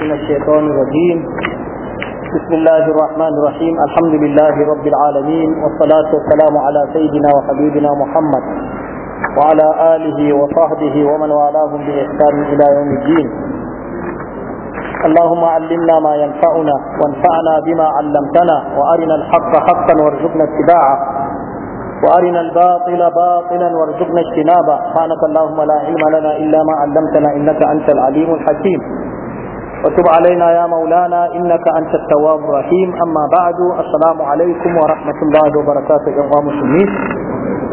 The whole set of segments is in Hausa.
من الشيطان الرجيم بسم الله الرحمن الرحيم الحمد لله رب العالمين والصلاة والسلام على سيدنا وحبيبنا محمد وعلى آله وصحبه ومن والاهم بإحسان إلى يوم الدين اللهم علمنا ما ينفعنا وانفعنا بما علمتنا وأرنا الحق حقا وارزقنا اتباعه وارنا الباطل باطلا وارزقنا اجتنابه سبحانك اللهم لا علم لنا الا ما علمتنا انك انت العليم الحكيم وتب علينا يا مولانا إنك أنت التواب الرحيم أما بعد السلام عليكم ورحمة الله وبركاته يا مسلمين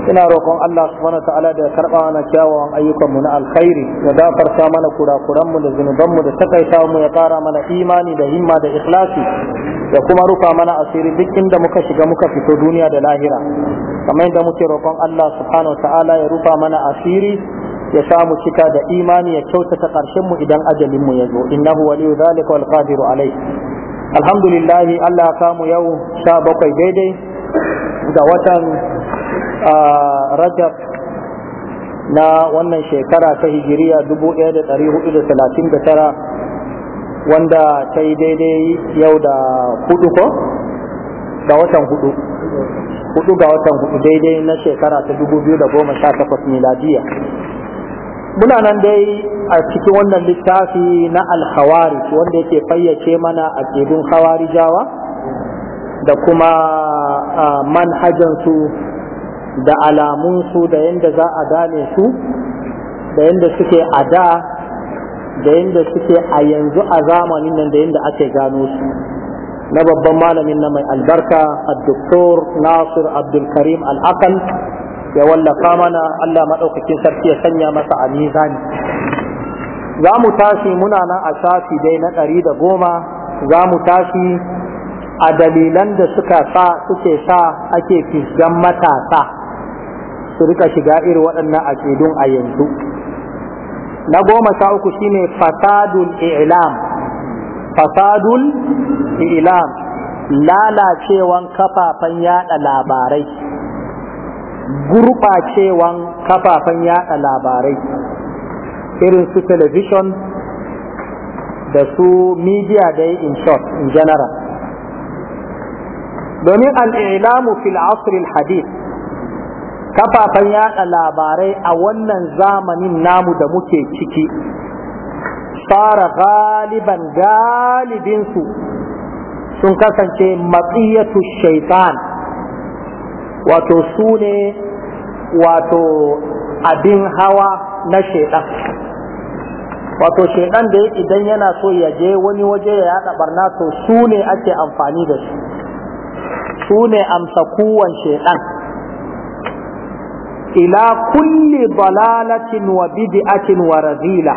ina roƙon Allah subhanahu da ya karɓa mana kyawawan ayyukan mu na alkhairi ya gafarta mana kurakuran mu da zunuban mu da takaita mu ya ƙara mana imani da himma da ikhlasi da kuma rufa mana asiri duk inda muka shiga muka fito duniya da lahira kamar yadda muke roƙon Allah subhanahu ya rufa mana asiri ya samu cika da imani ya kyautata ƙarshen mu idan ajalin mu ya zo innahu waliyu zalika wal qadiru alai alhamdulillah Allah ya samu yau 17 daidai da watan Rajab na wannan shekara ta hijiriya 1439 wanda ta yi daidai yau da hudu ko ga watan hudu hudu ga watan hudu daidai na shekara ta 2018 miladiya muna nan dai a cikin wannan littafi na alhawari wanda yake fayyace mana a cikin khawarijawa da kuma manhajansu da alamunsu da yadda za a gane su da yadda suke a da da yadda suke a yanzu a zamanin nan da yadda ake gano su na babban malamin na mai albarka a doktor nasir abdulkarim al'akal ya wallafa mana Allah maɗaukakin sarki ya sanya masa a mizani za mu tashi muna nan a shafi dai na ɗari da goma za mu tashi a dalilan da suka sa suke sa ake fisgan matasa su rika shiga irin waɗannan aƙidun a yanzu na goma sha uku shine fasadul i'lam fasadul i'lam lalacewan kafafen yada labarai gurɓacewan kafafen yaɗa labarai irin su television da su media dai in short in general domin al'ilamu fil asirin hadith kafafen yada labarai a wannan zamanin namu da muke ciki fara galiban galibinsu sun kasance matsiyatu shaitan wato su ne wato abin hawa na shaidan wato shaidan da idan yana so ya je wani waje ya yada barna to su ne ake amfani da su su ne amsa kuwan shaidan ila kulli balalatin wa bid'atin wa razila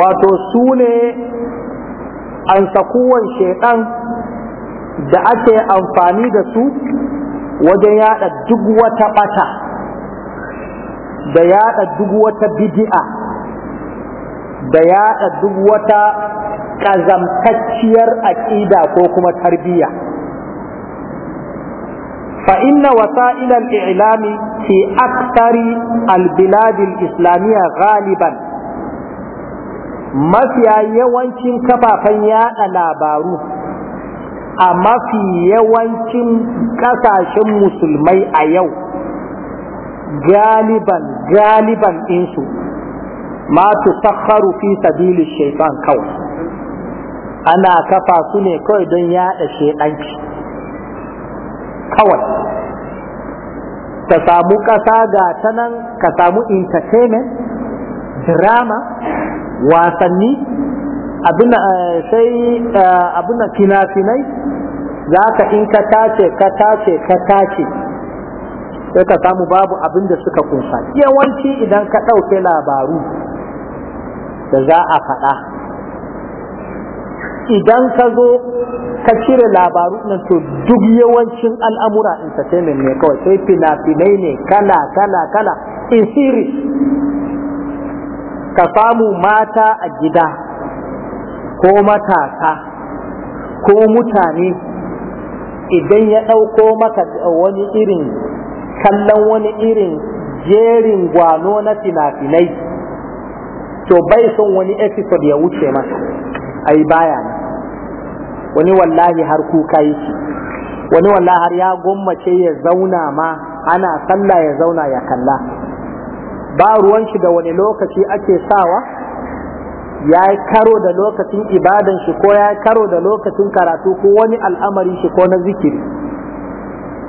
wato su ne amsa kuwan shaidan da ake amfani da su wajen yada duk wata bata da yada duk wata bid'a da yada duk wata kazamtacciyar aqida ko kuma tarbiyya Fa'inna inna wasa'il ke aksari albiladin aktari al-bilad islamiyya ghaliban mafiya yawancin kafafen yada labaru a mafi yawancin ƙasashen musulmai a yau galiban galiban ɗinsu ma tusakharu fi sabili shaitan kawai ana kafa su ne kawai don yaɗa shaidanci kawai ka samu ƙasa ga ta nan ka samu entertainment drama wasanni Eh, sai eh, abin fina-finai za ka in ka tace ka tace ka tace sai ka samu babu abin da suka kunsa yawanci idan ka ɗauke labaru da za a faɗa idan ka zo ka cire labaru nan to duk yawancin al'amura entertainment ne kawai sai fina-finai ne kala kala kala in siri ka samu mata a gida ko matasa ko mutane idan ya ɗauko maka wani irin kallon wani irin jerin gwano na fina-finai to bai son wani episode ya wuce masa ai baya wani wallahi har kuka yake wani wallahi har ya gwammace ya zauna ma ana sallah ya zauna ya kalla ba ruwan shi da wani lokaci ake sawa ya karo da lokacin ibadan shi ko ya karo da lokacin karatu ko wani al'amari shi ko na zikiri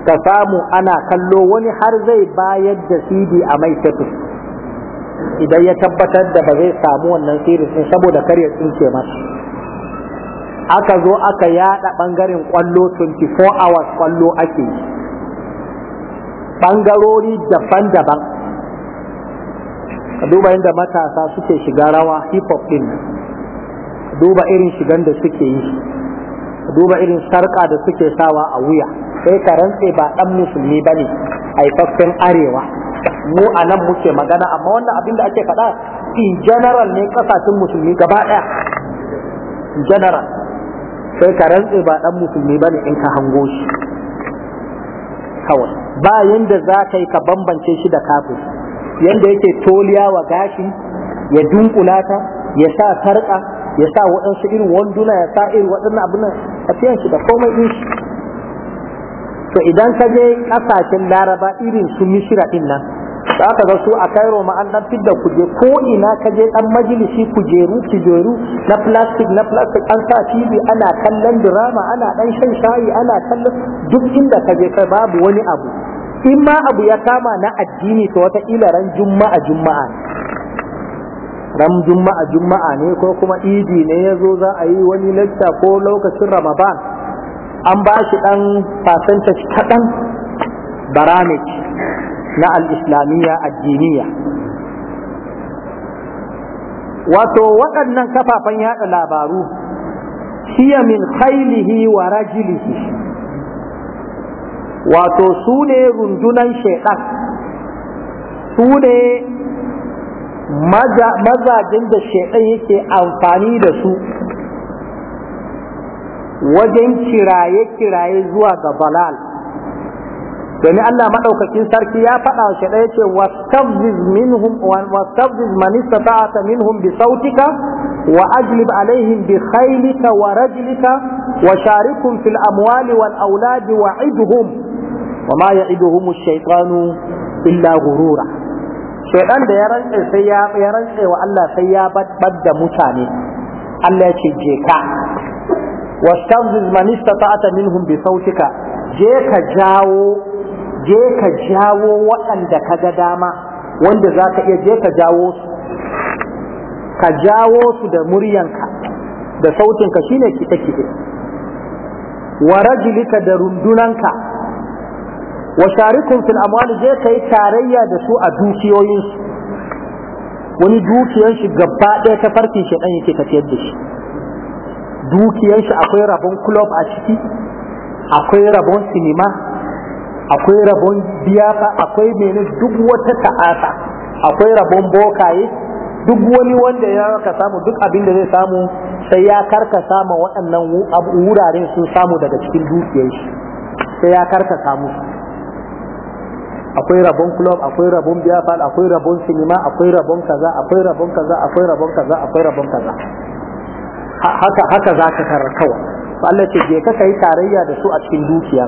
ka samu ana kallo wani har zai bayar da Sidi a mai tafi idan ya tabbatar da ba zai samu wannan sirri din saboda kar ya tsince masa aka zo aka yada bangaren kwallo 24 hours kwallo ake yi bangarori daban-daban ka duba yadda matasa suke shiga rawa hip hop din duba irin shigan da suke yi duba irin sarka da suke sawa a wuya sai ka rantse ba dan musulmi bane haifaffen arewa mu a nan muke magana amma wannan abin da ake faɗa in general ne kasashen musulmi gaba ɗaya in general sai ka rantse ba dan musulmi bane in ka hango shi kawai ba yanda za ka yi ka bambance shi da kafin yanda yake toliya wa gashi ya dunƙula ta ya sa sarƙa ya sa waɗansu irin wanduna ya sa irin waɗannan abin a cikin shi da komai din shi to idan ka je ƙasashen laraba irin su mishira din nan za ka ga su a kairo ma an ɗan fidda kuje ko ina ka je dan majalisi kujeru kujeru na plastic na plastic an sa TV ana kallon drama ana ɗan shan shayi ana kallon duk inda ka je kai babu wani abu in ma abu ya kama na addini to wataƙila ran juma'a juma'a ran juma'a juma'a ne ko kuma idi ne ya zo za a yi wani lacca ko lokacin ramadan an ba shi ɗan fasantaci kaɗan baramik na al'islamiyya addiniya wato waɗannan kafafen yaɗa labaru hiya min khailihi wa rajilihi wato su ne rundunan shaidan su ne mazajen da shaidan yake amfani da su wajen kiraye-kiraye zuwa ga balal domin Allah maɗaukakin sarki ya faɗa wa shaɗa ya ce wastabziz man istata'ata minhum bi sautika wa ajlib alaihim bi khailika wa rajlika wa sharikum fil amwali wal auladi wa idhum wa ma ido ash shaitanu illa ghurura shaytan da ya rantsa sai ya ya wa Allah sai ya badda mutane Allah ya ce je ka wastanziz man istata'ta minhum bi sautika je ka jawo je ka jawo waɗanda ka ga dama wanda za ka iya je ka jawo su ka jawo su da muryanka da sautinka shine kiɗe-kiɗe wa rajulika da rundunanka wa sharikum fil amwal je kai tarayya da su a dukiyoyinsu wani dukiyar shi gaba ɗaya ta farkin shi ɗan yake tafiyar da shi dukiyar shi akwai rabon club a ciki akwai rabon sinima akwai rabon biyafa akwai mene duk wata ta'asa akwai rabon bokaye duk wani wanda ya ka samu duk abin da zai samu sai ya karka samu waɗannan wuraren sun samu daga cikin dukiyar shi sai ya samu su akwai rabon club akwai rabon beer akwai rabon cinema akwai rabon kaza akwai rabon kaza akwai rabon kaza akwai rabon kaza haka haka za ka tarar kawai Allah ce je ka kai tarayya da su a cikin dukiya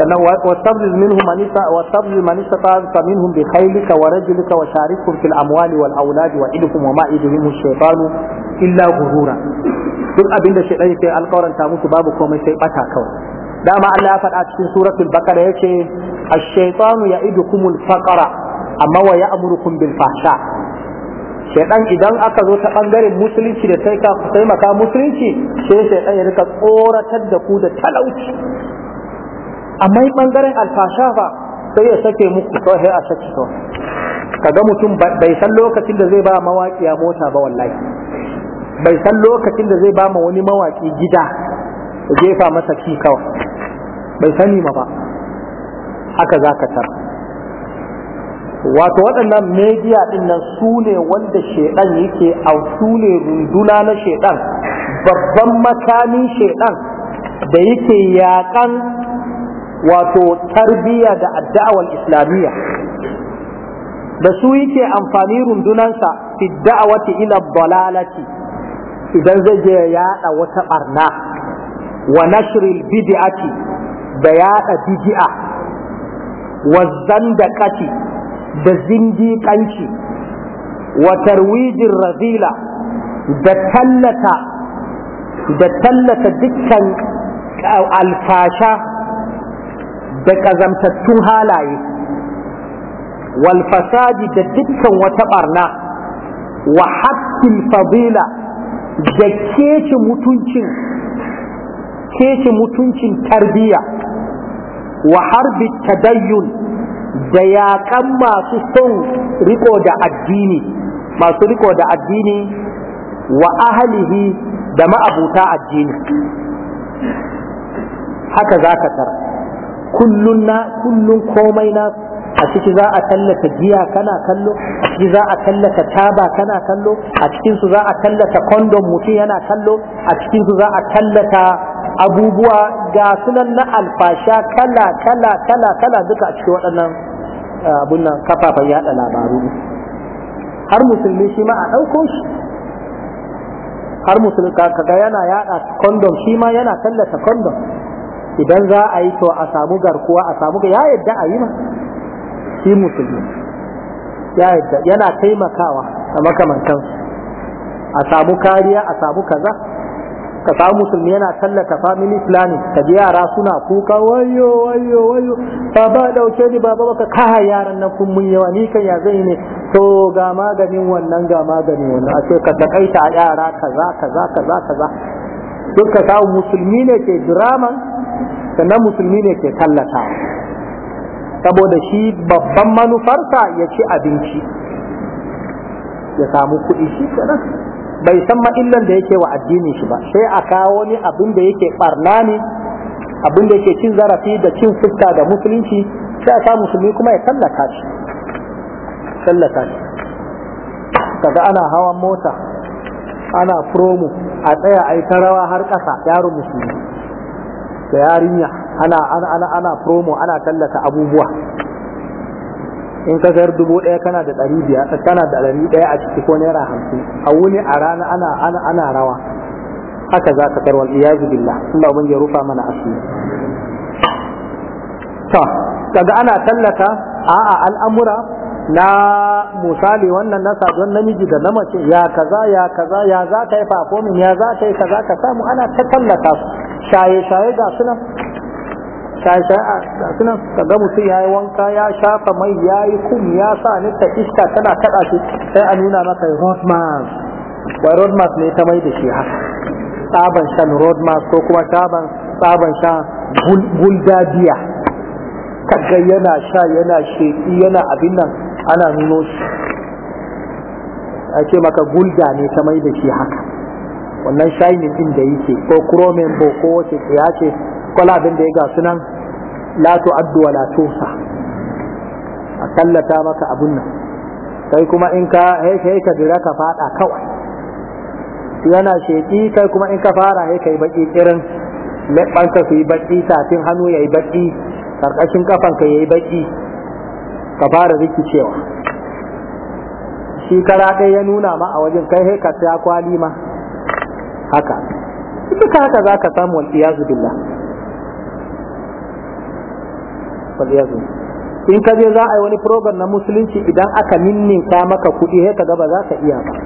sannan wastabzil minhum manisa wastabzil manisa fa minhum bi khaylika wa rajlika wa sharikum fil amwali wal auladi wa idhum wa ma idhum shaytanu illa ghurura duk abinda shaytan yake alƙawaranta musu babu komai sai bata kawai dama Allah ya faɗa cikin suratul baqara yace ash-shaytanu ya'idukumul faqra amma wa ya'murukum bil fahsha shaytan idan aka zo ta bangaren musulunci da sai ka taimaka musulunci sai shaytan ya rika tsoratar da ku da talauci amma bangaren alfasha fa sai ya sake muku sai a sake to kaga mutum bai san lokacin da zai ba mawaƙiya mota ba wallahi bai san lokacin da zai ba ma wani mawaƙi gida jefa masa ci kawai bai sani ma ba haka za ka tar. wato waɗannan media ɗin nan su ne wanda shaidan yake au su ne runduna na shaidan babban makamin shaidan da yake yakan wato tarbiyya da addawar islamiyya da su yake amfani rundunansa fi da'awati ila dalalati idan zai je yaɗa wata ɓarna wa nashril bid'ati da yaɗa bidi'a wazzan da kaci da zindiƙanci wa tarwijin razila da tallata da tallata dukkan alfasha da ƙazamtattun halaye walfasadi da dukkan wata ɓarna wa haƙƙin fadila da kece mutuncin mutuncin tarbiyya wa harbi tadayyun da yaƙan masu son riko da addini masu riko da addini wa ahalihi da ma'abuta addini haka za ka tara kullun na kullun komai na a ciki za a tallata giya kana kallo a ciki za a tallata taba kana kallo a cikinsu za a tallata kondom mutum yana kallo a cikinsu za a tallata abubuwa ga sunan na alfasha kala kala kala kala duka a cikin waɗannan eh, abun nan kafafen yaɗa labaru har musulmi shi ma a ɗauko shi har musulmi kaga yana yaɗa kondom shi ma yana tallata kondom idan za a yi to a samu garkuwa a samu ya yadda a yi ma shi musulmi ya yadda yana taimakawa a makamantansu a samu kariya a samu kaza ka samu musulmi yana tallata family planning ka ji yara suna kuka wayo wayo wayo baba dauke ni baba baka kaha yaran nan kun mun yawa ni kan ya zai ne to ga maganin wannan ga maganin wannan a ce ka takaita a yara kaza kaza kaza kaza duk ka samu musulmi ne ke drama sannan musulmi ne ke tallata saboda shi babban manufarsa ya ci abinci ya samu kuɗi shi kenan bai san ma illan da yake wa addini shi ba sai a kawo ni abin da yake barna ne abin da yake cin zarafi da cin fuska da musulunci sai a sa musulmi kuma ya tallata shi tallata shi kaga ana hawan mota ana promo a tsaya a yi ta rawa har ƙasa yaro musulmi da yarinya ana ana ana promo ana tallata abubuwa in ka sayar dubu ɗaya kana da ɗari biyar kana da ɗari ɗaya a ciki ko naira hamsin a wuni a rana ana ana ana rawa haka za ka tarwal iyazu billah in ban ya rufa mana asiri to kaga ana tallata a'a al'amura na misali wannan na don namiji da na mace ya kaza ya kaza ya za ka yi performing ya za ka yi kaza ka samu ana ta tallata su shaye shaye ga sunan ka suna ka ga mutum ya yi wanka ya shafa mai ya yi kum ya sa ni ta iska tana kaɗa shi sai a nuna maka roadmap wai roadmap ne ta mai da shi haka tsaban shan roadmap ko kuma tsaban shan guldadiya kaga yana sha yana sheƙi yana abin nan ana nuno shi a ce maka gulda ne ta mai da shi haka wannan shining din da yake ko chromen ko wace ya ce kwala abin da ya ga sunan la tu'addu wa la tusa a tallata maka abun nan kai kuma in ka hei ka jira ka fada kawai yana sheki kai kuma in ka fara hei kai baki kirin leɓanka su yi baki safin hannu ya yi baki karkashin kafanka ya yi baki ka fara rikicewa shi kara ɗaya ya nuna ma a wajen kai hei ka kwali ma haka ka haka za ka samu wal iyazu billah faliyazu in ka je za a yi wani program na musulunci idan aka ka maka kuɗi sai ka gaba za ka iya ba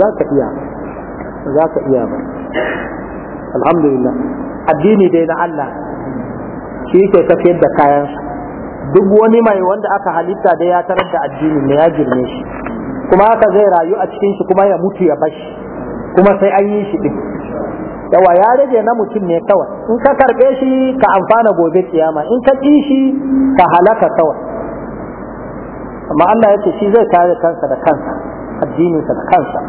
za ka iya za ka iya ba alhamdulillah addini dai na Allah shi ke tafiyar da kayansa duk wani mai wanda aka halitta da ya tarar da addini ne ya girme shi kuma haka zai rayu a cikin shi kuma ya mutu ya bashi kuma sai an yi shi din yawa ya rage na mutum ne kawai in ka karbe shi ka amfana gobe kiyama in ka ƙi shi ka halaka kawai amma Allah ya ce shi zai kare kansa da kansa addininsa da kansa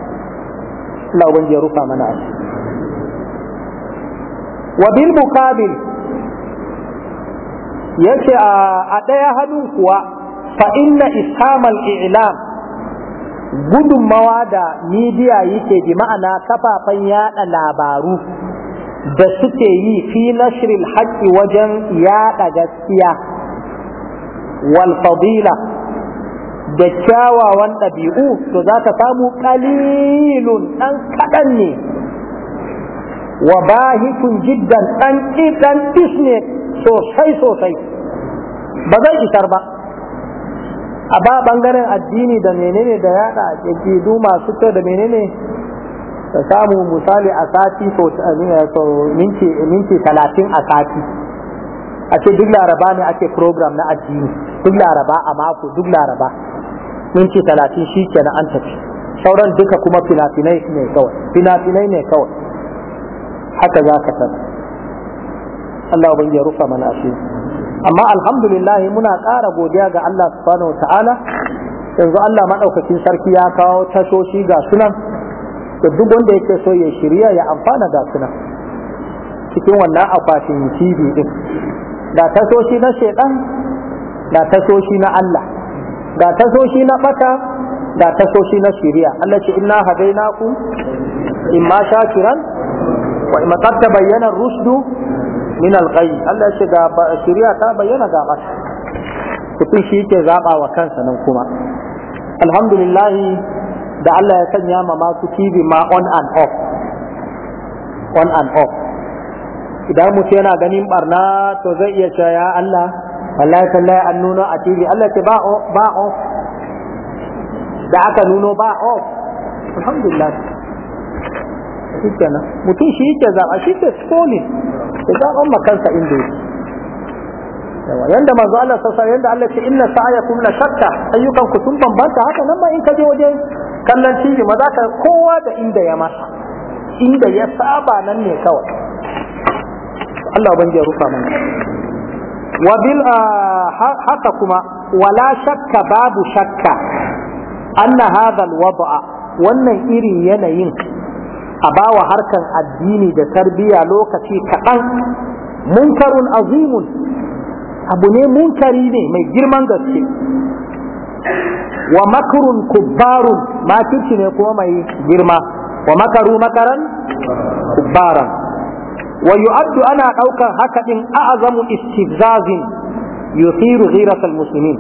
Allah ubangiji ya rufa mana ashi wa bil muqabil yace a daya hannu kuwa fa inna ishamal i'lam gudunmawa da midiya yake bi ma'ana kafafen yada labaru da suke yi fi nashril haƙƙi wajen yada gaskiya wal fadila da kyawawan ɗabi'u to za ka samu ƙalilun ɗan kaɗan ne wa bahikun jiddan ɗan ɗan ne sosai sosai ba zai isar ba a ba bangaren addini da menene da yada aqidu masu kyau da menene ka samu misali a sati so eh, minti minti 30 a sati a ce duk laraba ne ake program na addini duk laraba a mako duk laraba minti 30 shi kenan an tafi sauran duka kuma finafinai ne kawai finafinai ne kawai haka za ka tafi Allah ya rufa mana asiri amma alhamdulillah muna ƙara godiya ga Allah subhanahu ta'ala yanzu Allah maɗaukacin sarki ya kawo tashoshi ga sunan da duk wanda yake so ya shirya ya amfana ga sunan cikin wannan akwatin TV din da tashoshi na shedan da tashoshi na Allah da tashoshi na bata da tashoshi na shirya. Allah ce inna hadainakum imma shakiran wa imma tabayyana ar rusdu. min alghay Allah shi ga shari'a ta bayyana ga bata mutum shi yake zaba wa kansa nan kuma alhamdulillah da Allah ya sanya ma su TV ma on and off on and off idan mutum yana ganin barna to zai iya cewa ya Allah Allah ya an nuno a TV Allah ce ba ba off da aka nuno ba off alhamdulillah shi kenan mutum shi yake zaba shi ke scrolling ya zaban makansa inda yake yawa yanda manzo Allah sallallahu alaihi yanda Allah ce inna sa'yakum la shatta ayyukan ku sun bambanta haka nan ma in ka je waje kallon TV ma za ka kowa da inda ya masa inda ya saba nan ne kawai Allah ubangiji ya rufa mana wa bil ah, haka kuma wala shakka babu shakka anna hadha al-wada'a wannan irin yanayin a bawa harkan addini da tarbiyya lokaci kaɗan munkarun azimun abu ne munkari ne mai girman gaske wa makarun kubbarun makirci ne kuma mai girma wa makaru makaran kubbaran wa yu'addu ana ɗaukar haka ɗin a'azamu istizazin yusiru ghiratal muslimin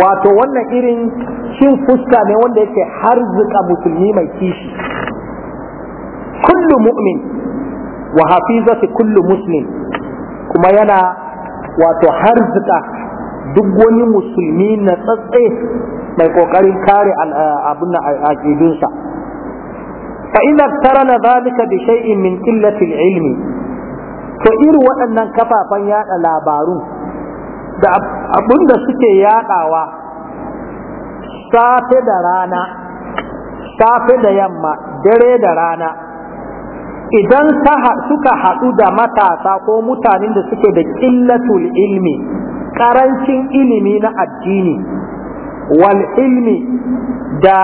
wato wannan irin cin fuska ne wanda yake harzuka musulmi mai kishi kullu wa hafizati kullu muslim kuma yana wato harzuka duk wani musulmi na tsatse mai kokarin kare eh, abin aƙidunsa eh, fa ina tarana zalika bi shay'in min qillati ilmi Ko irin waɗannan kafafen yaɗa labarun da abunda da suke yaɗawa safe da rana safe da yamma dare da rana idan suka haɗu da matasa ko mutanen da suke da ƙillatul ilmi ƙarancin ilimi na addini wal ilmi da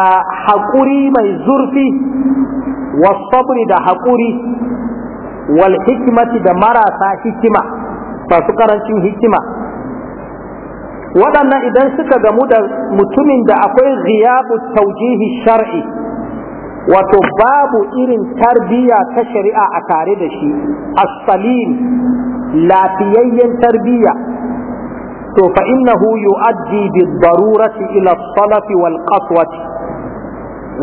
haƙuri mai zurfi wasabri da haƙuri wal hikimati da marasa hikima masu ƙarancin hikima waɗannan idan suka gamu da mutumin da akwai riyabu taujihi shar'i wato babu irin tarbiyya ta shari'a a tare da shi asalin lafiyayyen tarbiyya to fa innahu yu'addi bid-darurati ila as wal-qaswati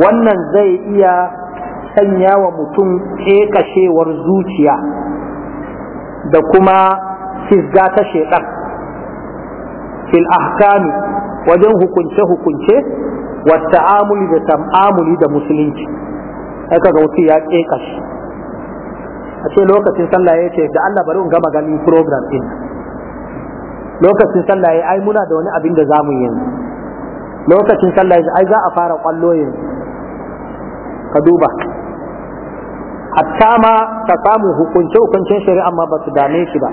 wannan zai iya sanyawa mutum kekashewar zuciya da kuma fizga ta shedan fil ahkami wajen hukunce-hukunce wata amuli da ta'amuli da musulunci aka ga wuce ya keka shi a ce lokacin sallah ya ce da Allah bari in gama ganin program din lokacin sallah ya ai muna da wani abin da zamu yanzu lokacin sallah ya ai za a fara kwallo yanzu ka duba hatta ma ka samu hukunce hukuncen shari'a amma ba su dame shi ba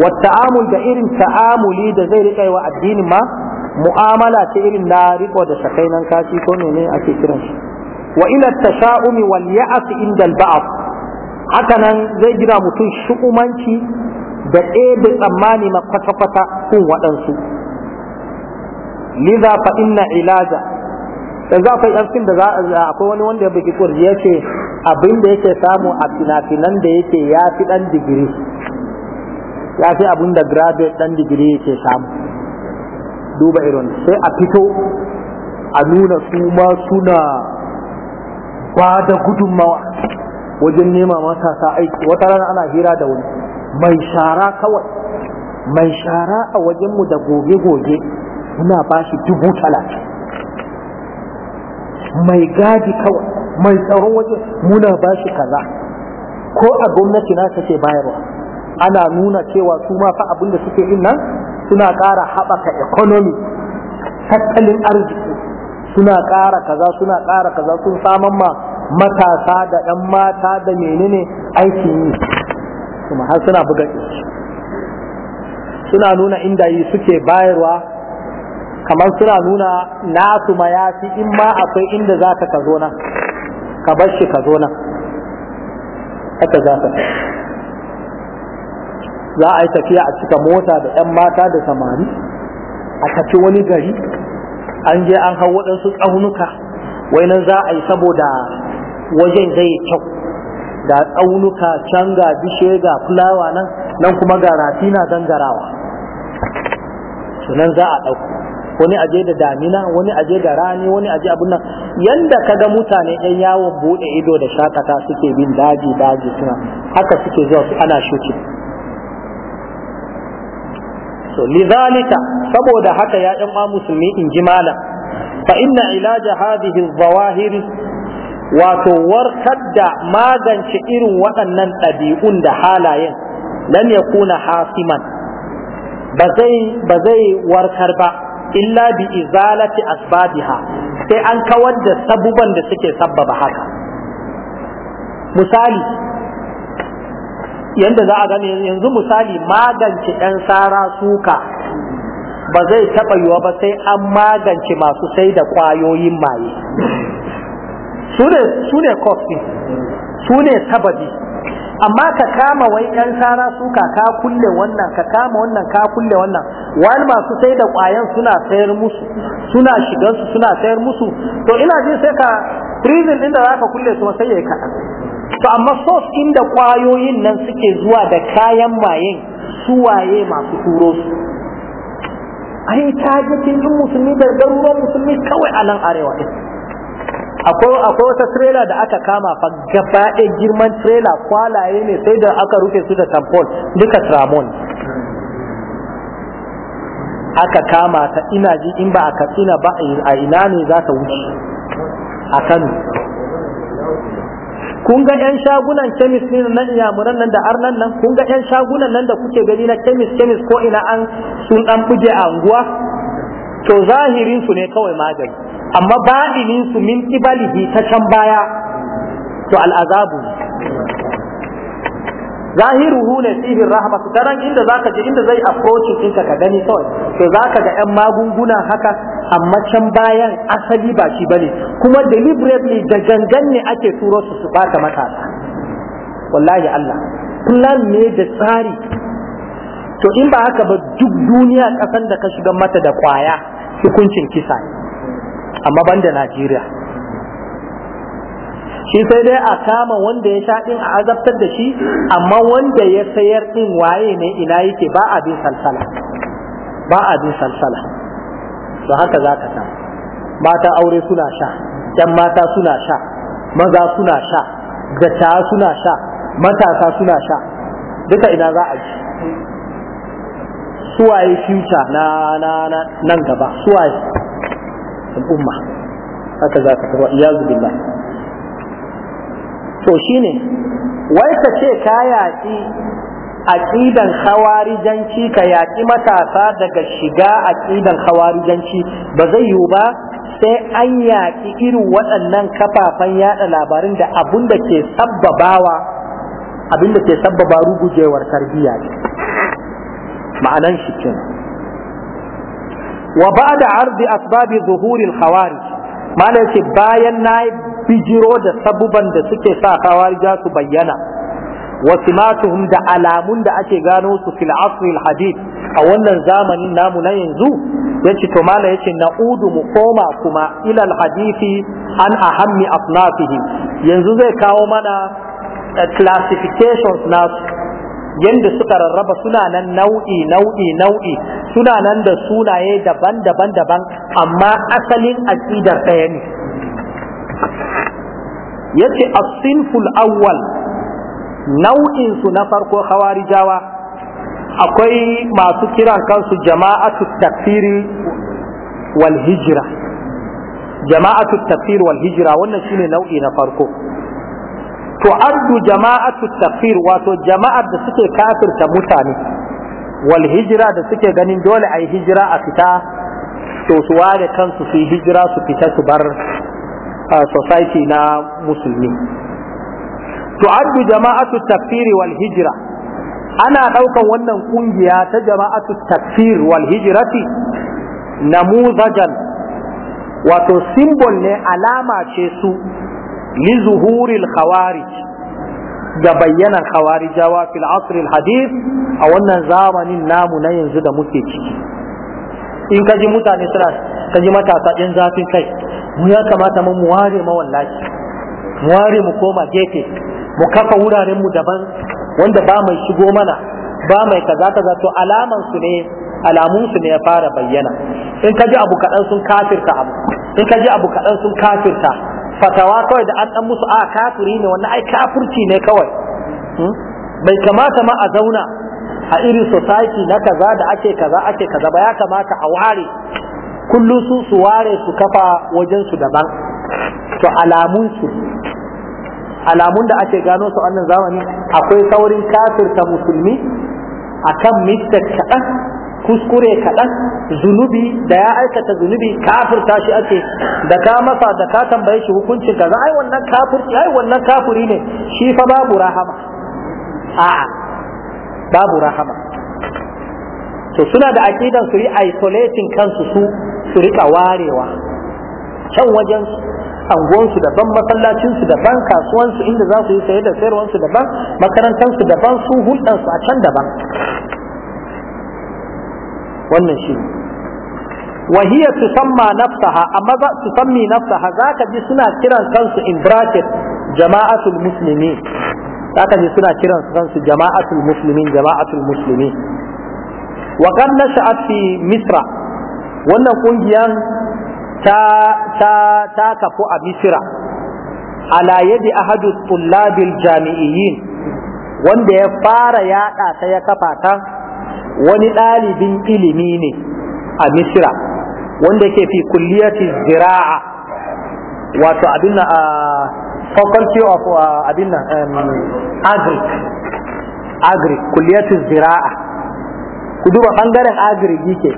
wata amul da irin amuli da zai rika wa addinin ma mu'amala ce irin na riko da sakainan kashi ko ne ake kiran shi wa ila tasha'umi wal ya'as inda al ba'd haka nan zai jira mutum shu'umanci da ɗebe tsammani ma kwata-kwata kun waɗansu liza fa inna ilaja yanzu akwai yan da za akwai wani wanda ya bugi kurji ya ce abin da yake samu a finafinan da yake ya fi ɗan digiri ya fi abin da graduate ɗan digiri yake samu duba irin sai a fito a nuna su ma suna ba da gudunmawa wajen nema matasa aiki wata rana ana hira da wani mai shara kawai mai shara a wajenmu da goge-goge muna ba shi dubu talatin mai gadi kawai mai tsaron waje muna ba shi kaza ko a gwamnati na ce bayarwa ana nuna cewa su ma fa abin da suke yin nan suna ƙara haɓaka economy tattalin arziki suna ƙara kaza suna ƙara kaza sun saman ma matasa da ɗan mata da menene aikin yi kuma har suna buga suna nuna inda yi suke bayarwa kamar suna nuna nasu mayafi in ma akwai inda za ka ka zo nan ka bar shi ka zo nan haka za ka za a yi tafiya a cika mota da 'yan mata da samari a tafi wani gari an je an hau waɗansu tsaunuka wainan za a yi saboda wajen zai kyau da tsaunuka can ga bishe ga fulawa nan nan kuma ga rafi na gangarawa nan za a ɗauko wani aje da damina wani aje da rani wani aje abun nan yanda ga mutane ɗan yawon buɗe ido da shakata suke bin daji daji suna haka suke zuwa su ana shuki so lidhalika saboda haka ya yan musulmi in ji malam fa inna ilaja hadhihi zawahir wato warkar da magance irin waɗannan ɗabi'un da halayen lam yakuna hasiman ba zai ba zai warkar ba illa bi izalati asbabiha sai an kawar da sabuban da suke sabbaba haka misali yanda za a gane yanzu misali magance ɗan tsara suka ba zai taɓa yiwa ba sai an magance masu sai da ƙwayoyin maye su ne kofi su ne sababi amma ka kama wai ɗan tsara suka ka kulle wannan ka kama wannan ka kulle wannan wani masu sai da ƙwayan suna sayar musu suna shigansu suna sayar musu to ina ji sai ka prison ɗin da za ka kulle su sai ya yi kaɗan to amma source da kwayoyin nan suke zuwa da kayan mayen waye masu turo su ai ji din musulmi da garuruwan musulmi kawai a nan arewa din akwai akwai wata trailer da aka kama fa gaba ɗaya girman trailer kwalaye ne sai da aka rufe su da tampon duka tramon aka kama ta ina ji in ba a katsina ba a ina ne za ta wuce a kano kun ga yan shagunan kemis ne na iyamuran nan da arnan nan kun ga yan shagunan nan da kuke gani na kemis kemis ko ina an sun dan buge a anguwa to zahirin su ne kawai magani amma badinin su min kibalihi ta can baya to al'azabu zahiruhu ne fihi rahma su inda zaka je inda zai approach kinka ka gani kawai to zaka ga yan magunguna haka amma can bayan asali ba shi bane kuma deliberately da gangan ne ake turo su su bata matasa wallahi Allah plan ne da tsari to in ba haka ba duk duniya kasan da ka shiga mata da kwaya hukuncin kisa amma banda Najeriya shi sai dai a kama wanda ya sha din a azabtar da shi amma wanda ya sayar din waye ne ina yake ba abin salsala ba abin salsala to haka za ka sa mata aure suna sha ɗan mata suna sha maza suna sha gata suna sha matasa suna sha duka ina za a ji suwaye fiuta na nan gaba suwaye al'umma haka za ka tarwa zubi ba to shine wai ka ce ka yaƙi aqidan khawarijanci ka yaƙi matasa daga shiga aqidan khawarijanci ba zai yiwu ba sai an yaƙi irin waɗannan kafafen yaɗa labarin da abun da ke sabbabawa abin ke sabbaba rugujewar tarbiyya ma'anan shi kin wa ba da arzi asbabi zuhurin hawari ma'ana ce bayan na bijiro da sabuban da suke sa hawarija su bayyana وسماتهم da علامون دا أتي غانو في العصر الحديث a wannan zamanin namu na yanzu ya to mala yace na udu mu koma kuma ila alhadisi an ahammi afnafihi yanzu zai kawo mana eh, classifications na yanda suka rarraba suna nan nau'i nau'i nau'i suna nan da sunaye daban daban daban amma asalin aqidar ɗaya ne yace as-sinful awwal nau'in su na farko hawarijawa akwai masu kiran kansu jama'atu takfiri wal hijra jama'atu takfir wal hijra wannan shine nau'i na farko To tu'addu jama'atu takfir wato jama'ar da suke kafirta mutane wal hijra da suke ganin dole ai hijira a fita to su ware kansu su hijira su fita su bar ah, society na musulmi tu'addu jama'atu takfiri wal hijra ana ɗaukan wannan ƙungiya ta jama'atu takfir wal hijrati namuzajan wato simbol ne alama ce su li zuhuril khawarij ga bayyanar khawarijawa fil asr al a wannan zamanin namu na yanzu da muke ciki in kaji mutane suna kaji matasa yan zafin kai mu ya kamata mu ware ma mu ware mu koma gefe mu kafa wuraren mu daban wanda ba mai shigo mana ba mai kaza kaza to alaman su ne alamun su ne ya fara bayyana in ka ji abu kaɗan sun kafirta abu in ka ji abu kaɗan sun kafirta fatawa kawai da an dan musu a ah, kafiri ne wannan ai kafirci ne kawai hmm? bai kamata ma a zauna a irin society na kaza da ake kaza ake kaza ba ya kamata a ware kullum su su ware su kafa wajen su daban to alamun su alamun da ake gano su wannan zamani akwai saurin kafirta musulmi akan mista kaɗan kuskure kaɗan zunubi da ya aikata zunubi kafirta shi ake da ka masa da ka tambaye shi hukuncin ka ai wannan kafirci ai wannan kafiri ne shi fa babu rahama a'a babu rahama to suna da aqidan su yi isolating kansu su su rika warewa can wajen anguwansu daban masallacinsu daban kasuwansu inda za su yi saye da sayarwansu daban makarantarsu daban su hulɗarsu a can daban wannan shi wahiyar su samma nafsaha amma za su sammi nafsaha za ka ji suna kiran kansu in bracket jama'atul musulmi za ka ji suna kiran kansu jama'atul musulmi. jama'atul muslimin wa kan nasha'at fi misra wannan kungiyan ta kafu a misira ala yadi ahadu tullabil jami'iyyin wanda ya fara yada ta ya kafa ta wani ɗalibin ilimi ne a misira wanda ke fi kulliyati zira'a wato abin na faculty of abin na Agri agric kulliyati zira'a ku duba bangaren agric yake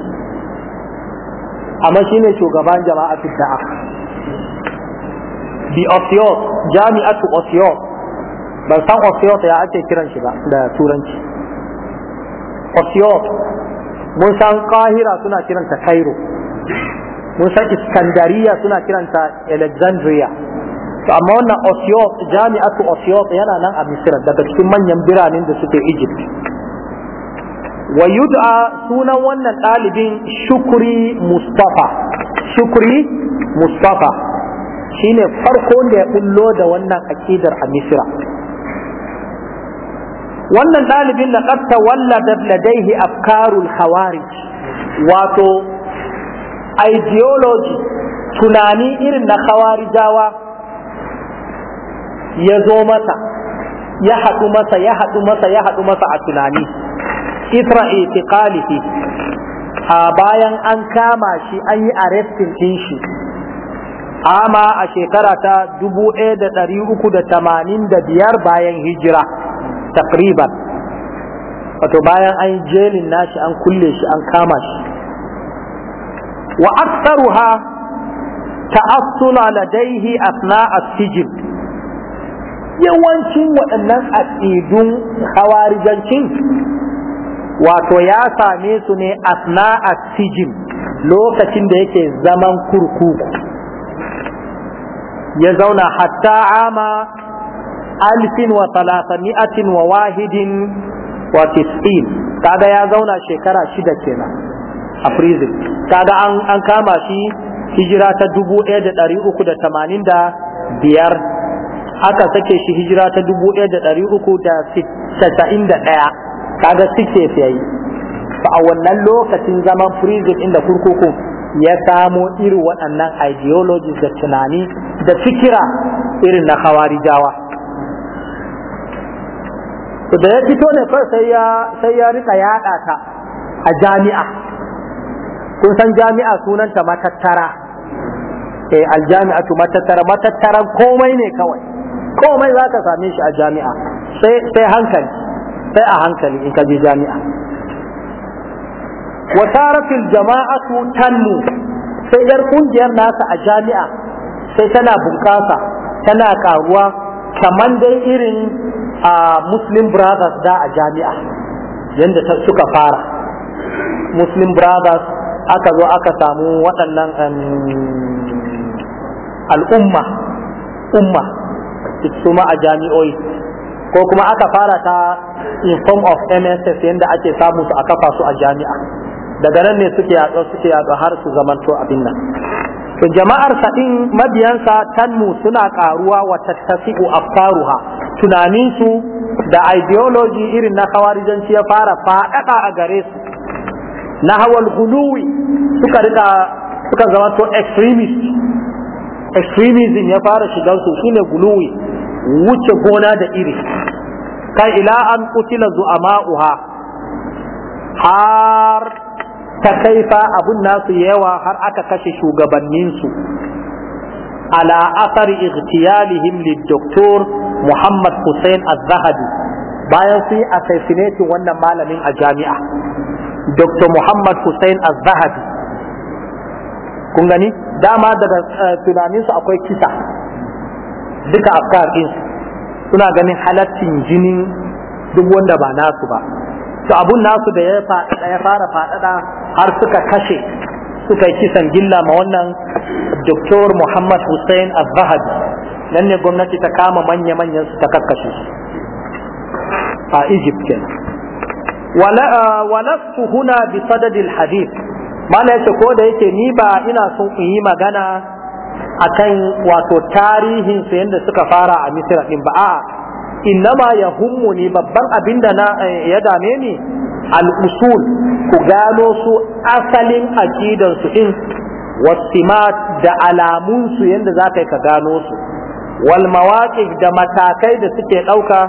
amma ne shugaban jama'a da'a bi osiyot jami'atu osiyot ban san osiyot ya ake kiran shi ba da turanci osiyot mun san kahira suna kiran ta cairo mun san iskandariya suna kiran ta alexandria to amma wannan osiyot jami'atu osiyot yana nan a misira daga cikin manyan biranen da suke egypt wa yud'a sunan wannan ɗalibin shukri mustafa shukri shine farko da ya bullo da wannan akidar a misira wannan ɗalibin na ƙasta wallada ladaihi afkarul khawarij wato ideology tunani irin na hawarijawa ya zo masa ya haɗu masa ya haɗu masa ya haɗu masa a tunani itra itiqalihi a bayan an kama shi an yi arrestin din shi a shekara ta 1385 bayan hijira takriban wato bayan an yi jelin nashi an kulle shi an kama shi wa aktsaruha ta'assula ladaihi asna as-sijn yawancin waɗannan aƙidun hawarijancin wato ya same su ne asna sijin lokacin da yake zaman kurkuku ya zauna hatta ama alfin wa talatami'atin wa wahidin wa tis'in kada ya zauna shekara shida kenan a prison kada an, an kama shi hijira ta dubu ɗaya da ɗari uku da tamanin da biyar aka sake shi hijira ta dubu ɗaya da ɗari uku da casa'in da ɗaya kaga six days yayi fa a wannan lokacin zaman prison inda kurkuku ya samo irin waɗannan ideologies da tunani da fikira irin na khawarijawa to da ya fito ne kawai sai ya sai ya rika yaɗa ta a jami'a kun san jami'a sunanta matattara eh aljami'atu matattara matattaran komai ne kawai komai za ka same shi a jami'a sai hankali sai a hankali in ka je jami'a wa taratil jama'atu tanu sai yar kungiyar nasa a jami'a sai tana bunƙasa tana karuwa kamar dai irin a muslim brothers da a jami'a yadda ta suka fara muslim brothers aka zo aka samu waɗannan al'umma umma su ma a jami'oi ko kuma aka fara ta in form of MSF yadda ake samu su a kafa su a jami'a daga nan ne suke yaɗo suke yaɗo har su zamanto abin nan to jama'ar saɗin mabiyansa tanmu suna ƙaruwa wa tattafi'u afkaruha su da ideology irin na kawarijanci ya fara faɗaɗa a gare su na hawal suka rika suka zama to extremist extremism ya fara shigar su shine guluwi wuce gona da iri kai ila an kutila zu'ama'uha har ta kaifa abun nasu yawa har aka kashe shugabanninsu ala asari ightiyalihim lidoktor Muhammad Hussein Az-Zahabi bayan sun yi assassinating wannan malamin a jami'a Dr. Muhammad Hussein Az-Zahabi kun gani dama daga eh, tunaninsu akwai kisa duka afkar din suna ganin halaccin jinin duk wanda ba nasu ba to abun nasu da ya faɗaɗa ya fara faɗaɗa har suka kashe suka yi kisan gilla ma wannan Dr. Muhammad Hussein az nan ne gwamnati ta kama manya-manyan su ta kakkashe a Egypt wala walastu huna bi sadadil hadith mana yace ko da yake ni ba ina son in yi magana akan wato tarihin su yadda suka fara a misira din ba a innama ya ne babban abin da eh, ya dame ni usul ku gano su asalin aƙidansu in wasimat da alamunsu yadda za ka gano su wal mawaƙi da matakai da suke ɗauka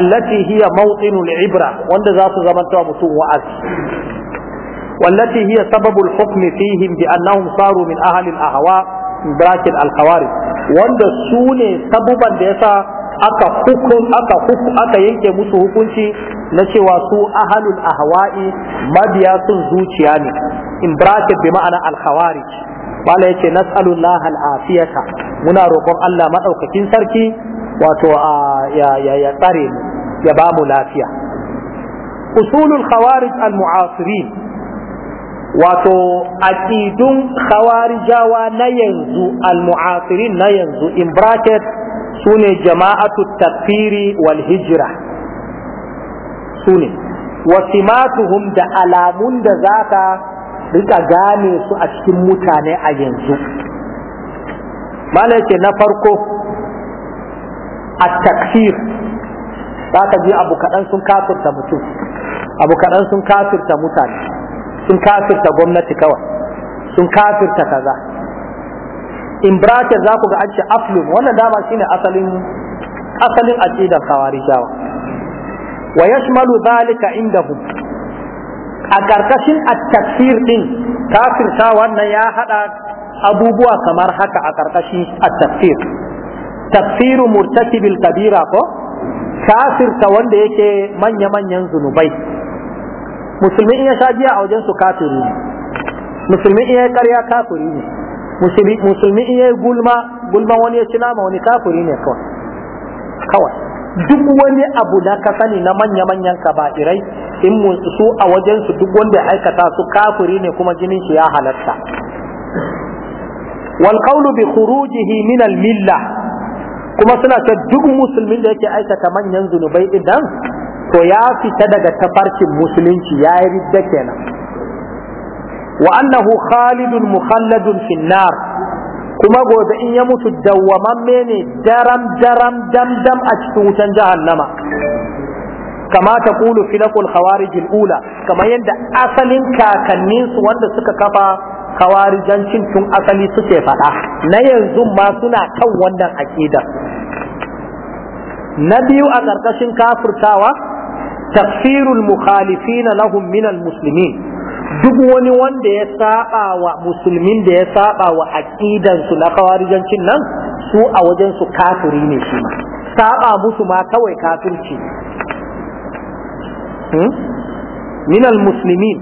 allati hiya mawqinul ibra wanda za su zamanta mutum wa'azi wallati hiya sababul hukmi fihim bi annahum saru min ahli ahwa bracket alkhawari wanda su ne sabuban da yasa aka hukun aka aka yanke musu hukunci na cewa su ahalul ahwa'i mabiya sun zuciya ne in bracket bi ma'ana alkhawari bala yace nas'alullaha al'afiyata muna roƙon Allah madaukakin sarki wato ya tsare mu ya ba mu lafiya usulul khawarij al-mu'asirin wato aqidun khawarijawa na yanzu almu'asirin na yanzu in bracket sune jama'atu takfiri wal hijra sune wasimatuhum da alamun da zaka rika gane su a cikin mutane a yanzu malaka na farko at-takfir zaka ji abu kadan sun kafirta mutum abu kadan sun kafirta mutane sun kafirta gwamnati kawai sun kafirta kaza in bracket za ku ga an ce aflum wannan dama shine asalin asalin aqidar khawarijawa wa yashmalu dhalika indahum a karkashin at-takfir din kafirta wannan ya hada abubuwa kamar haka a karkashin at-takfir takfiru murtakibil kabira ko kafirta wanda yake manya-manyan zunubai musulmi in ya sha giya a wajen su kafiri ne musulmi in ya karya kafiri ne musulmi in ya gulma gulman wani ya ci nama wani kafiri ne kawai duk wani abu na ka sani na manya-manyan kaba'irai in su a wajen su duk wanda ya aikata su kafiri ne kuma jinin su ya halatta wal qawlu bi khurujihi min al milla kuma suna ta duk musulmin da yake aikata manyan zunubai idan to ya fita daga tafarkin musulunci ya yi ridda kenan wa annahu khalidun mukhalladun finnar kuma gobe in ya mutu dawwamamme ne daram daram dam dam a cikin wutan jahannama kama ta kulu filakul khawarijil ula kamar yadda asalin kakanninsu wanda suka kafa khawarijancin tun asali suke faɗa na yanzu ma suna kan wannan aƙidar na biyu a ƙarƙashin kafurtawa. tafsirul mukhalifina lahum minal muslimin duk wani wanda ya saba wa musulmin da ya saba wa aqidan su na kawarijancin nan su a wajen su kafiri ne shi ma saba musu ma kawai kafirci minal muslimin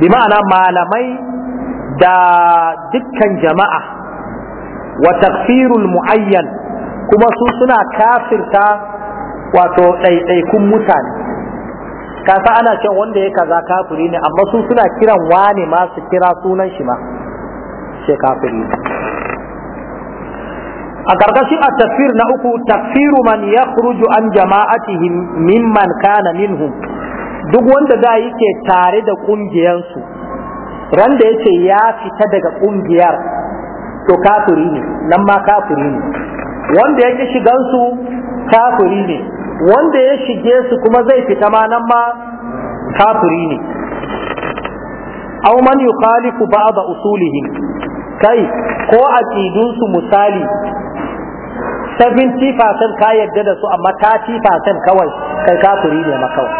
bi ma'ana malamai da dukkan jama'a wa takfirul muayyan kuma su suna kafirta wato ɗaiɗaikun mutane Kasa ana cewa wanda ya kaza kafiri ne amma su suna kiran wani ma su kira sunan shi ma ce kafiri a karkashin a tafsir na uku tafsiru man ya an jama'atihim mimman kana minhum duk wanda da yake tare da kungiyansu randa da yace ya fita daga kungiyar to kafiri ne nan ma kafiri ne wanda yake shigansu kafiri ne wanda ya shige su kuma zai fita ma nan ma kafiri ne aw man yukhalifu ba'd usulihim kai ko aqidun su misali 70% ka yadda da su amma 30% kawai kai kafiri ne kawai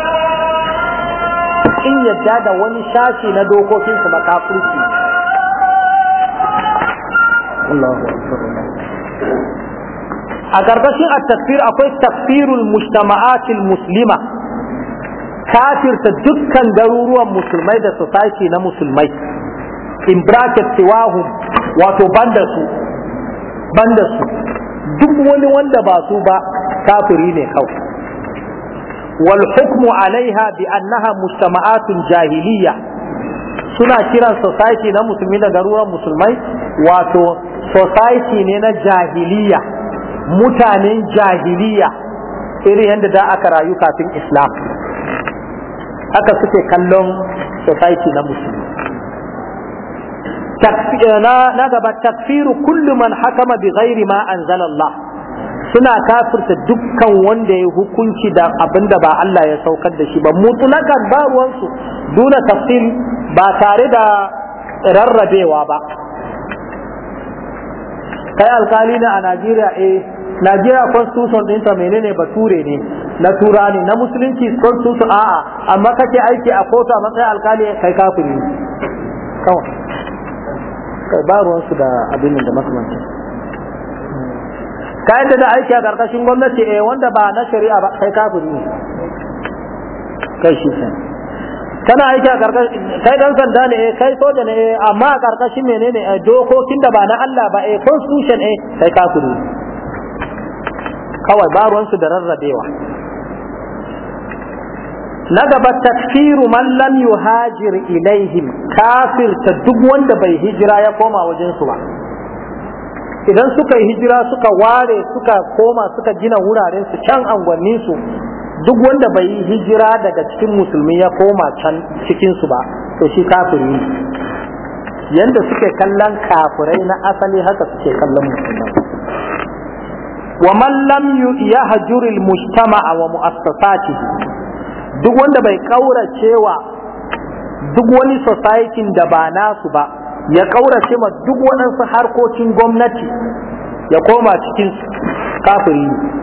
in yadda da wani shashi na dokokin su makafirci Allahu akbar a gargashin at akwai takfirul mujtama'atil muslima kafirta dukkan garuruwan musulmai da society na musulmai in bracket siwahu wato banda su banda su duk wani wanda ba su ba kafiri ne kawai wal hukmu alaiha bi annaha mujtama'atun jahiliya suna kiran society na musulmi da garuruwan musulmai wato society ne na jahiliya mutanen jahiliya irin yadda da aka rayu kafin islam haka suke kallon society na musulmi eh, na gaba takfiru kullum man hakama bi ghairi ma anzalallah suna kafirta dukkan wanda ya hukunci da abinda ba Allah ya saukar da shi ba mutulakan ba ruwansu duna tafsir ba tare da rarrabewa ba kai alkali ne a Najeriya eh Najeriya constitution ɗinta menene bature ne na turani, na musulunci constitution a'a amma kake aiki a kotu a matsayin alkali kai kafiri kawai kai ba ruwansu da abin da makamanta ka yadda da aiki a ƙarƙashin gwamnati eh wanda ba na shari'a ba kai kafiri kai shi sai Tana aiki a karkashin kai dan sanda ne kai soja ne amma a karkashin menene eh, dokokin da ba na Allah ba a eh, constitution eh, ne kai ka kudu kawai ba ruwansu da rarrabewa na gaba takfiru man lam yuhajir ilaihim ta duk wanda bai hijira ya koma wajensu ba idan suka yi hijira suka ware suka koma suka gina wuraren su can angwanni su duk wanda bai yi hijira daga cikin musulmi ya koma can cikinsu ba to shi kafiri ne yanda suke kallon kafirai na asali haka suke kallon musulmai wa man lam yahjur al mujtama'a wa mu'assasatihi duk wanda bai ƙauracewa duk wani society da ba nasu ba ya kaurace ma duk waɗansu harkokin gwamnati ya koma cikin kafiri ne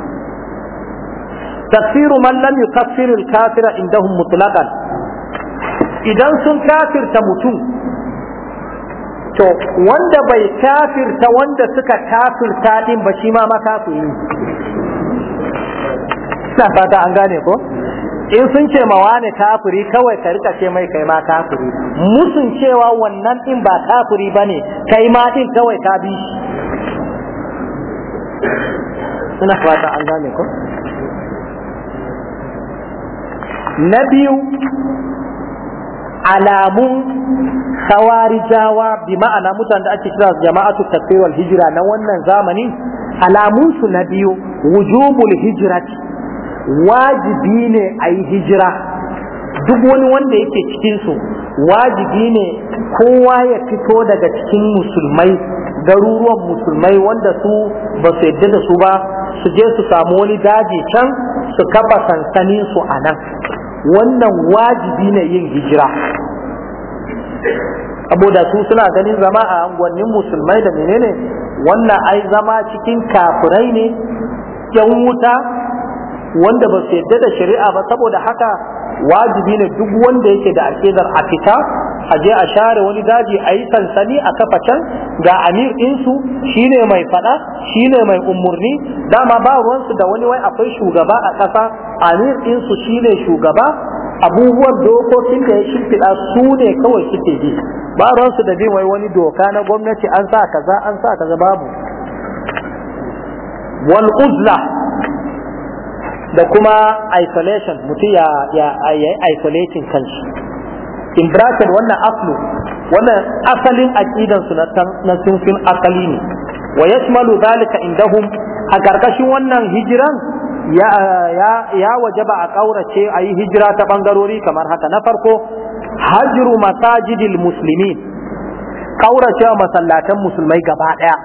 تكفير من لم يكفر الكافر عندهم مطلقا idan sun kafirta mutum to wanda bai kafirta wanda suka kafirta din ba shi ma makafiri na fata an gane ko in sun ce ma wani kafiri kawai ka rika ce mai kai ma kafiri musun cewa wannan din ba kafiri bane kai ma din kawai ka bi ina fata an gane ko na biyu alamun khawarijawa bi ma'ana mutanen da ake kira jama'atu takfir wal hijra na wannan zamani alamun su na biyu wujubul hijrati wajibi ne a yi hijira duk wani wanda yake cikin su wajibi ne kowa ya fito daga cikin musulmai garuruwan musulmai wanda su ba su yadda da su ba su je su samu wani daji can su kafa sansanin su a nan wannan wajibi ne yin hijira saboda su suna ganin zama a unguwannin musulmai da menene wannan ai zama cikin kafirai ne yan wuta wanda ba su yadda da shari'a ba saboda haka wajibi ne duk wanda yake da aƙidar a fita a je a share wani daji a yi sansani a kafa can ga amir insu shine mai faɗa shine mai umurni dama ba ruwansu da wani wai akwai shugaba a ƙasa amir ɗinsu shine shugaba abubuwan dokokin da ya shimfiɗa su ne kawai suke bi ba ruwansu da bin wai wani doka na gwamnati an sa kaza an sa kaza babu wal uzla da kuma isolation mutum ya ya isolating kanshi in bracket wannan aslu wannan asalin aqidan su na sunfin asali ne wa yashmalu dalika indahum a karkashin wannan hijiran ya ya ya wajaba a kaurace a yi hijira ta bangarori kamar haka na farko hajru masajidil muslimin kaurace masallatan musulmai gaba daya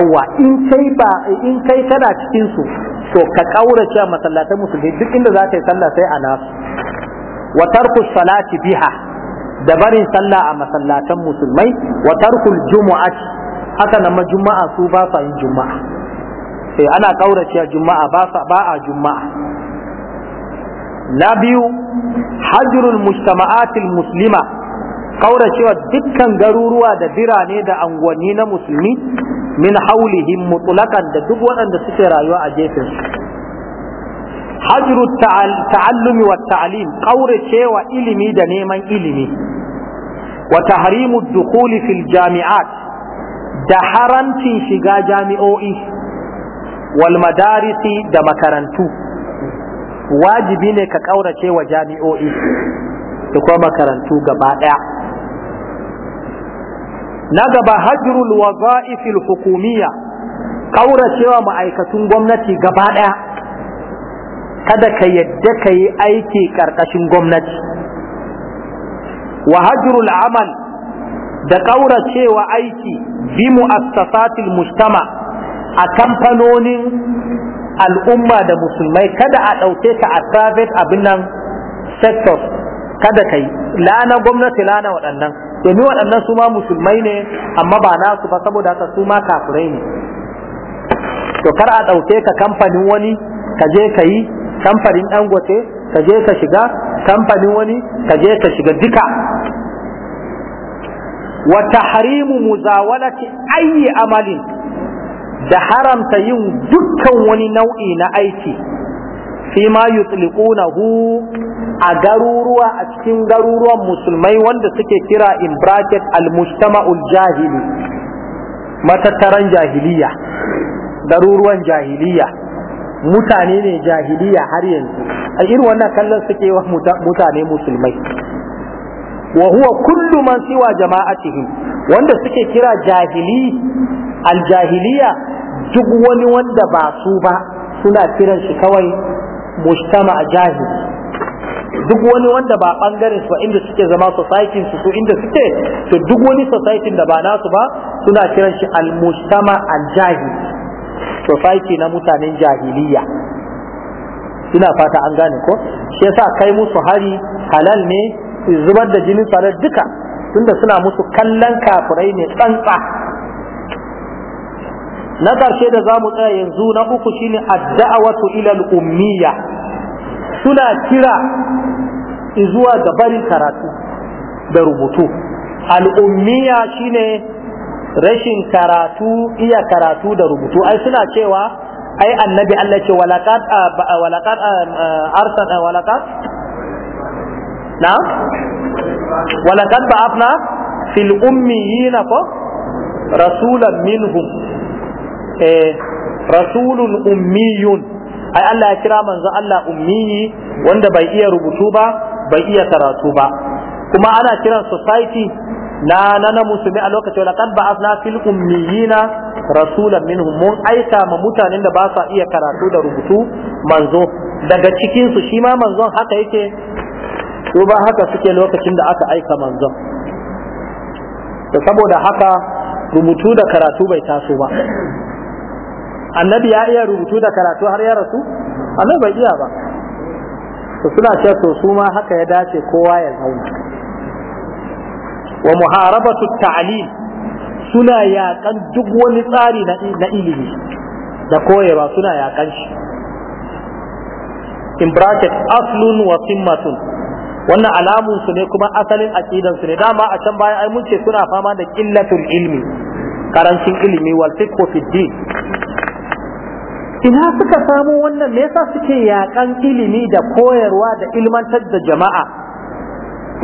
yawa in kai ba in kai kana cikin su to ka kaurace masallatan musulmai duk inda za ta yi sallah sai a nasu wa tarku salati biha da barin sallah a masallatan musulmai wa tarkul jumu'ati haka nan ma juma'a su ba sa yin juma'a sai eh, ana kaurace juma'a ba sa ba a juma'a na biyu hajrul mujtama'atil muslima kauracewa dukkan garuruwa da birane da angwani na musulmi min haulihim mutlaqan da duk waɗanda suke rayuwa a gefen hajru ta'allumi wa ta'lim kaurace cewa ilimi da neman ilimi wa tahrimu dukhuli fil jami'at da haramcin shiga jami'o'i wal madarisi da makarantu wajibi ne ka kaurace wa jami'o'i da kuma makarantu gaba daya na gaba hajrul waza'ifil hukumiyya kauracewa ma'aikatun gwamnati gaba daya kada ka yadda ka yi aiki ƙarƙashin gwamnati wa hajjurul amal da ƙauracewa aiki bi mu'assasatil mustama a kamfanonin al'umma da musulmai kada a ɗauke ka a private abin nan sectors kada ka yi lana gwamnati lana waɗannan domin waɗannan su ma musulmai ne amma ba nasu ba saboda haka su ma kafirai ne to kar a ɗauke ka kamfanin wani ka je ka yi kamfanin dangote ka je ka shiga kamfanin wani ka je ka shiga duka wa tahrimu muzawalati ayi amali da haramta yin dukkan wani nau'i na aiki fi ma yutliqunahu a garuruwa a cikin garuruwan musulmai wanda suke kira in bracket al-mujtama'ul jahili matattaran jahiliya garuruwan jahiliya mutane ne jahiliya har yanzu a irin wannan kallon suke wa mutane musulmai wa huwa kullu man siwa jama'atihim wanda suke kira jahili aljahiliya duk wani wanda ba su ba suna kiran shi kawai mujtama jahili duk wani wanda ba bangaren su ba inda suke zama society su su inda suke to duk wani society da ba nasu ba suna kiran shi al-mujtama society na mutanen jahiliya ina fata an gane ko shi yasa kai musu hari halal ne zubar da jinin salar duka tunda suna musu kallon kafurai ne tsantsa na ƙarshe da za mu tsaya yanzu na uku shine adda'awatu ilal ummiya suna kira zuwa ga barin karatu da rubutu al'ummiya shine rashin karatu iya karatu da rubutu ai suna cewa ai annabi Allah ce walaqad ah, ah, walaqad ah, arsal walaqad na walaqad ba'athna fil ummiyin ko rasulan minhum eh rasulun ummiyun ai Allah ya kira manzo Allah ummiyi wanda bai iya rubutu ba bai iya karatu ba kuma ana kiran society na na na musulmi a lokacin kan na ba'athna fil ummiyina rasulan minhum mun aika ma mutanen da ba sa iya karatu da rubutu manzo daga cikin su shi ma manzon haka yake ko ba haka suke lokacin da aka aika manzon da saboda haka rubutu da karatu bai taso ba annabi ya iya rubutu da karatu har ya rasu annabi bai iya ba to suna cewa to su ma haka ya dace kowa ya zauna wa muharabatu ta'lim suna yakan duk wani tsari na ilimi da koyarwa suna yakan shi in bracket aslun wa simmatun wannan alamun su ne kuma asalin aqidan su ne dama a can baya ai mun ce suna fama da qillatul ilmi karancin ilimi wal fiqhu fi din ina suka samu wannan me yasa suke yakan ilimi da koyarwa da ilmantar da jama'a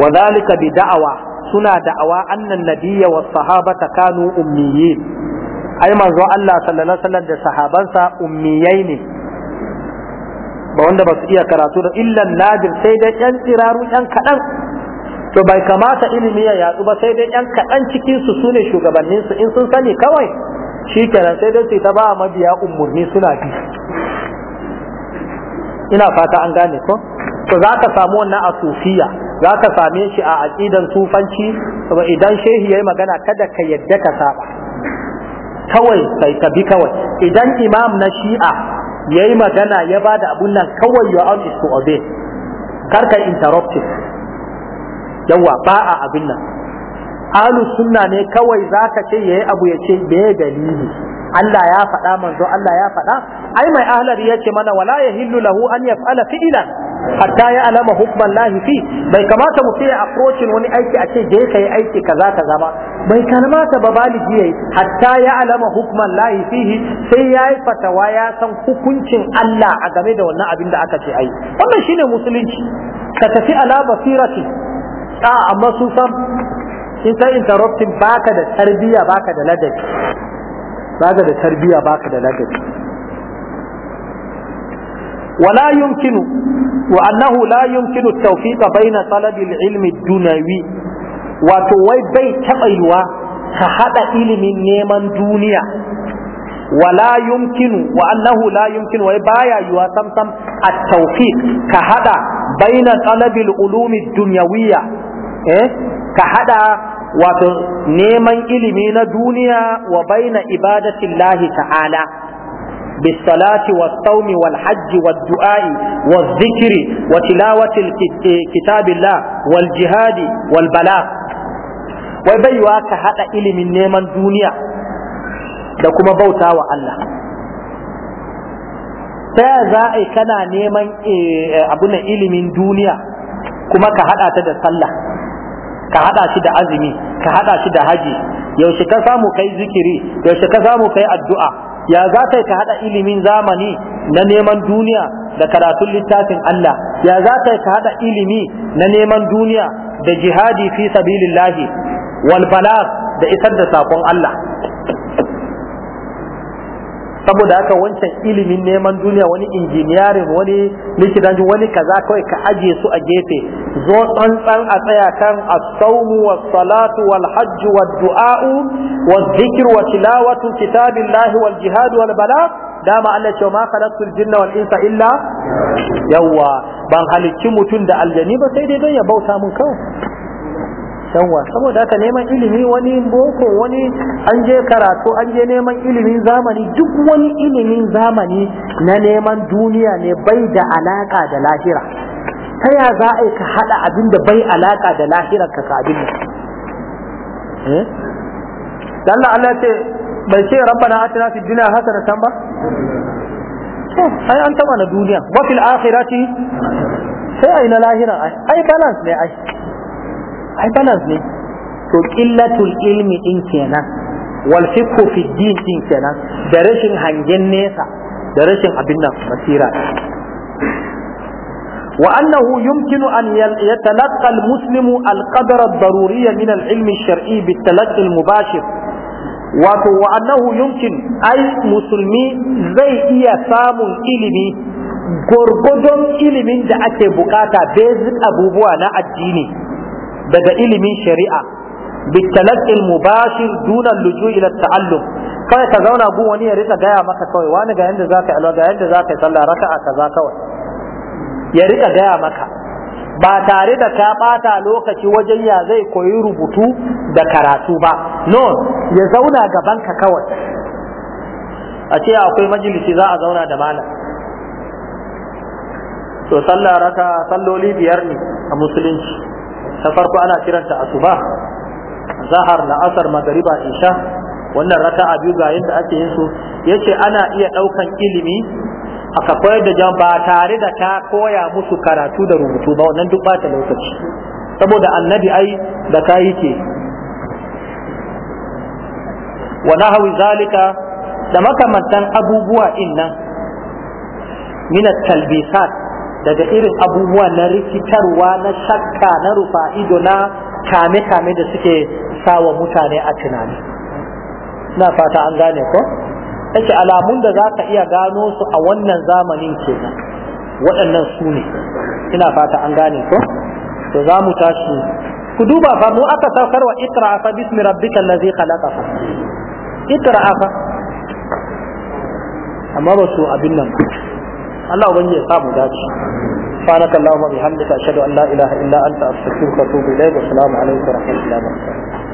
wa zalika bi da'awa suna da'awa annan nabiyya was sahabata kanu ummiyin ai manzo Allah sallallahu alaihi da sahabansa ummiyai ne ba wanda ba su iya karatu da illan nadir sai dai yan tsiraru yan kadan to bai kamata ilimi ya yatsu ba sai dai yan kadan cikin su sune shugabannin su in sun sani kawai shikenan sai dai su ta ba mabiya umurni suna bi ina fata an gane ko to za ka samu wannan a sufiya za ka same shi a aƙidan sufanci idan shehi ya yi magana kada ka yadda ka saba kawai sai ka bi kawai idan imam na shi'a ya yi magana ya ba da abun nan kawai your out is to obey karka interrupting yawa ba a abin nan alu sunna ne kawai za ka ce ya yi abu ya ce me dalili Allah ya faɗa manzo Allah ya faɗa ai mai ahlar ya ce mana wala yahillu lahu an yaf'ala fi'lan hatta ya alama hukman lahi fi bai kamata mu fiye approaching wani aiki a ce je ka yi aiki kaza kaza ba bai kamata ba baligi yayi hatta ya alama hukman lahi fihi sai ya yi fatawa ya san hukuncin Allah a game da wannan abin da aka ce ai wannan shine musulunci ka tafi ala basirati a amma su san in sai interrupting baka da tarbiyya baka da ladabi baka da tarbiya baka da ladabi ولا يمكن وأنه لا يمكن التوفيق بين طلب العلم الدنيوي وتوي بيت أيوة كهذا علم نيمان دنيا ولا يمكن وأنه لا يمكن ويبايا يواتمتم التوفيق كهذا بين طلب العلوم الدنيوية eh ka hada wato neman ilimi na duniya wa baina ibadatillahi ta'ala bisalati was-sawmi wal-hajji wad-du'a'i wadh-dhikri wa tilawati kitabillah wal-jihadi wal-bala wai baiwa ka haɗa ilimin neman duniya da kuma bauta wa Allah ta za a kana neman eh, abunan ilimin duniya kuma ka haɗa ta da sallah ka hada shi da azumi ka hada shi da haji yaushe ka samu kai zikiri yaushe ka samu kai addu'a ya za kai ka hada ilimin zamani na neman duniya da karatun littafin Allah ya za kai ka hada ilimi na neman duniya da jihadi fi sabilillahi wal balagh da isar da sakon Allah saboda haka wancan ilimin neman duniya wani injiniyarin wani likitanci wani kaza kawai ka aje su a gefe zo tsantsan a tsaya kan as-sawmu was-salatu wal-hajj wad-du'a'u wadh-dhikru wa tilawatu kitabillahi wal-jihad wal-bala dama Allah ce ma khalaqtul jinna wal insa illa Yawwa ban halicci mutum da aljani ba sai dai don ya bauta mun kawai yawa saboda haka neman ilimi wani boko wani an je karatu an je neman ilimin zamani duk wani ilimin zamani na neman duniya ne bai da alaka da lahira ta ya za a yi ka haɗa abin da bai alaka da lahirar ka abin eh? da Allah Allah ce bai ce rabbana atina fid dunya hasanatan ba ai an taba na duniya wa fil akhirati sai ai na lahira ai ai balance ne ai ai balance ne to qillatul ilmi din kenan wal fiqhu fi din din kenan da rashin hangen nesa da rashin abin nan basira wa annahu yumkinu an yatalaqqa al muslimu al qadar ad daruriyya min al ilmi al shar'i bi talaqqi al mubashir wato wa annahu yumkin ai musulmi zai iya samun ilimi gurgudun ilimin da ake bukata basic abubuwa na addini daga ilimin shari'a bitalaqqi al-mubashir duna al-luju' ila at-ta'allum kai ka zauna gun wani ya rika gaya maka kawai wani ga yanda ka yi ga yanda ka yi sallah raka'a kaza kawai ya rika gaya maka ba tare da ka bata lokaci wajen ya zai koyi rubutu da karatu ba no ya zauna gaban ka kawai a ce akwai majalisi za a zauna da malam to sallah raka salloli biyar ne a musulunci ta farko ana kiranta asuba zahar na asar magariba isha wannan raka'a biyu ga yadda ake yin su yace ana iya daukan ilimi aka koyar da jama'a. ba tare da ta koya musu karatu da rubutu ba wannan duk bata lokaci saboda annabi ai da kayi ke wa nahwi zalika da makamantan abubuwa innan min at-talbisat daga irin abubuwa na rikitarwa na shakka na rufa ido na kame-kame da suke sawa mutane a tunani na fata an gane ko yake alamun da za ka iya gano su a wannan zamanin ke nan, waɗannan su ne ina fata an gane ko to za mu tashi ku duba fa mu aka saukar wa iqra fa bismi rabbika allazi khalaqa fa iqra fa amma ba su abin nan ba Allah ubangiji ya samu dace سبحانك اللهم وبحمدك اشهد ان لا اله الا انت استغفرك واتوب اليك والسلام عليكم ورحمه الله وبركاته